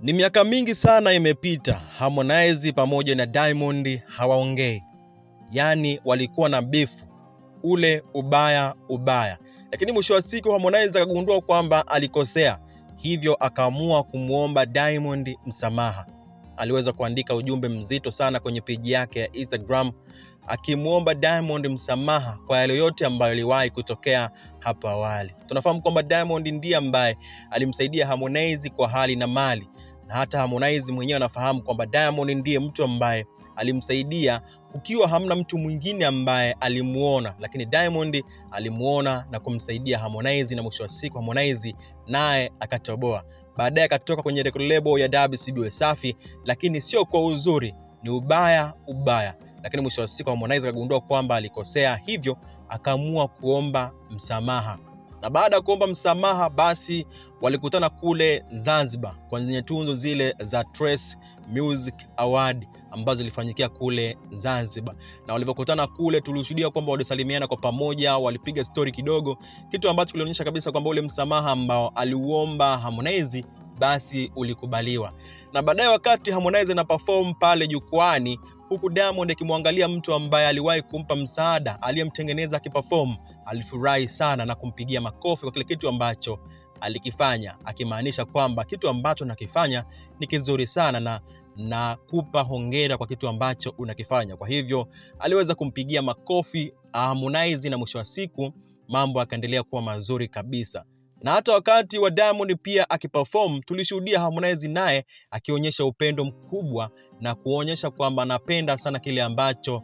Ni miaka mingi sana imepita, Harmonize pamoja na Diamond hawaongei, yaani walikuwa na bifu ule ubaya ubaya, lakini mwisho wa siku Harmonize akagundua kwamba alikosea, hivyo akaamua kumwomba Diamond msamaha. Aliweza kuandika ujumbe mzito sana kwenye peji yake ya Instagram akimwomba Diamond msamaha kwa yale yote ambayo iliwahi kutokea hapo awali. Tunafahamu kwamba Diamond ndiye ambaye alimsaidia Harmonize kwa hali na mali na hata Harmonize mwenyewe anafahamu kwamba Diamond ndiye mtu ambaye alimsaidia ukiwa hamna mtu mwingine ambaye alimuona, lakini Diamond alimuona na kumsaidia Harmonize, na mwisho wa siku Harmonize naye akatoboa. Baadaye akatoka kwenye record label ya WCB Wasafi, lakini sio kwa uzuri, ni ubaya ubaya. Lakini mwisho wa siku Harmonize akagundua kwamba alikosea, hivyo akaamua kuomba msamaha na baada ya kuomba msamaha, basi walikutana kule Zanzibar kwenye tunzo zile za Trace Music Award ambazo zilifanyikia kule Zanzibar, na walivyokutana kule tulishuhudia kwamba walisalimiana kwa pamoja, walipiga stori kidogo, kitu ambacho kilionyesha kabisa kwamba ule msamaha ambao aliuomba Harmonize basi ulikubaliwa. Na baadaye wakati Harmonize na perform pale jukwani, huku Diamond akimwangalia mtu ambaye aliwahi kumpa msaada, aliyemtengeneza akiperform alifurahi sana na kumpigia makofi kwa kile kitu ambacho alikifanya, akimaanisha kwamba kitu ambacho nakifanya ni kizuri sana na kupa hongera kwa kitu ambacho unakifanya. Kwa hivyo aliweza kumpigia makofi ah, Harmonize, na mwisho wa siku mambo akaendelea kuwa mazuri kabisa na hata wakati wa Diamond pia akiperform tulishuhudia Harmonize naye akionyesha upendo mkubwa na kuonyesha kwamba anapenda sana kile ambacho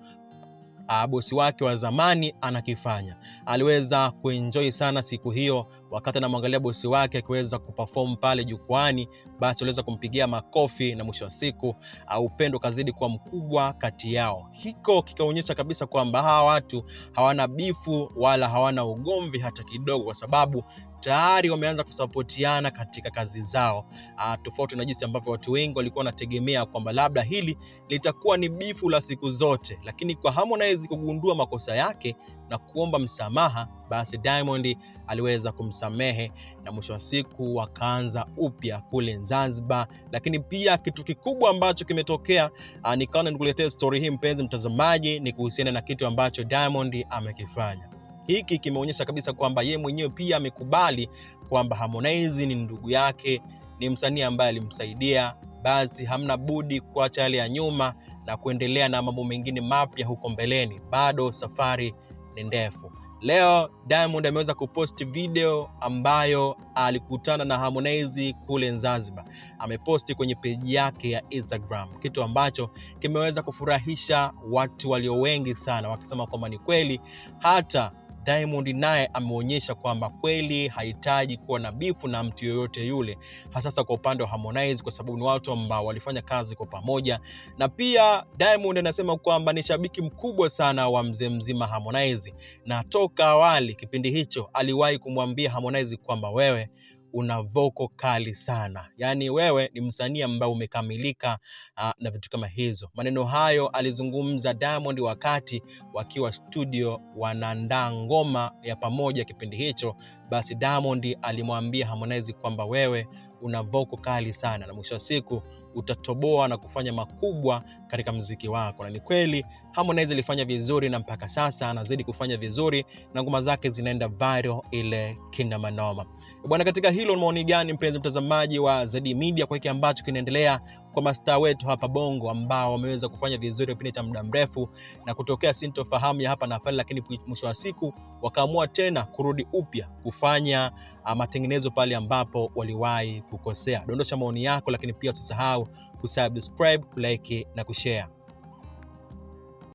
Ah, bosi wake wa zamani anakifanya. Aliweza kuenjoy sana siku hiyo, wakati anamwangalia bosi wake akiweza kuperform pale jukwani, basi aliweza kumpigia makofi na mwisho wa siku ah, upendo kazidi kuwa mkubwa kati yao. Hiko kikaonyesha kabisa kwamba hawa watu hawana bifu wala hawana ugomvi hata kidogo, kwa sababu tayari wameanza kusapotiana katika kazi zao, ah, tofauti na jinsi ambavyo watu wengi walikuwa wanategemea kwamba labda hili litakuwa ni bifu la siku zote, lakini kwa Harmonize hawezi kugundua makosa yake na kuomba msamaha, basi Diamond aliweza kumsamehe na mwisho wa siku wakaanza upya kule Zanzibar. Lakini pia kitu kikubwa ambacho kimetokea, ah, nikaona nikuletee story hii mpenzi mtazamaji, ni kuhusiana na kitu ambacho Diamond amekifanya. Hiki kimeonyesha kabisa kwamba yeye mwenyewe pia amekubali kwamba Harmonize ni ndugu yake, ni msanii ambaye alimsaidia, basi hamna budi kuacha yale ya nyuma na kuendelea na mambo mengine mapya huko mbeleni. Bado safari ni ndefu. Leo Diamond ameweza kuposti video ambayo alikutana na Harmonize kule Zanzibar. Ameposti kwenye peji yake ya Instagram, kitu ambacho kimeweza kufurahisha watu walio wengi sana, wakisema kwamba ni kweli hata Diamond naye ameonyesha kwamba kweli hahitaji kuwa na bifu na mtu yoyote yule, hasasa kwa upande wa Harmonize kwa sababu ni watu ambao walifanya kazi kwa pamoja, na pia Diamond anasema kwamba ni shabiki mkubwa sana wa mzee mzima Harmonize, na toka awali kipindi hicho aliwahi kumwambia Harmonize kwamba wewe una voko kali sana, yaani wewe ni msanii ambaye umekamilika uh, na vitu kama hizo. Maneno hayo alizungumza Diamond wakati wakiwa studio wanaandaa ngoma ya pamoja kipindi hicho. Basi Diamond alimwambia Harmonize kwamba wewe una voko kali sana, na mwisho wa siku utatoboa na kufanya makubwa katika mziki wako. Na ni kweli Harmonize alifanya vizuri, na mpaka sasa anazidi kufanya vizuri na ngoma zake zinaenda viral ile kinamanoma bwana. Katika hilo maoni gani, mpenzi mtazamaji wa Zedee Media, kwa hiki ambacho kinaendelea kwa mastaa wetu hapa Bongo ambao wameweza kufanya vizuri kipindi cha muda mrefu na kutokea sintofahamu ya hapa na pale, lakini mwisho wa siku wakaamua tena kurudi upya kufanya ah, matengenezo pale ambapo waliwahi kukosea. Dondosha maoni yako, lakini pia usisahau kusubscribe, kulike na kushare.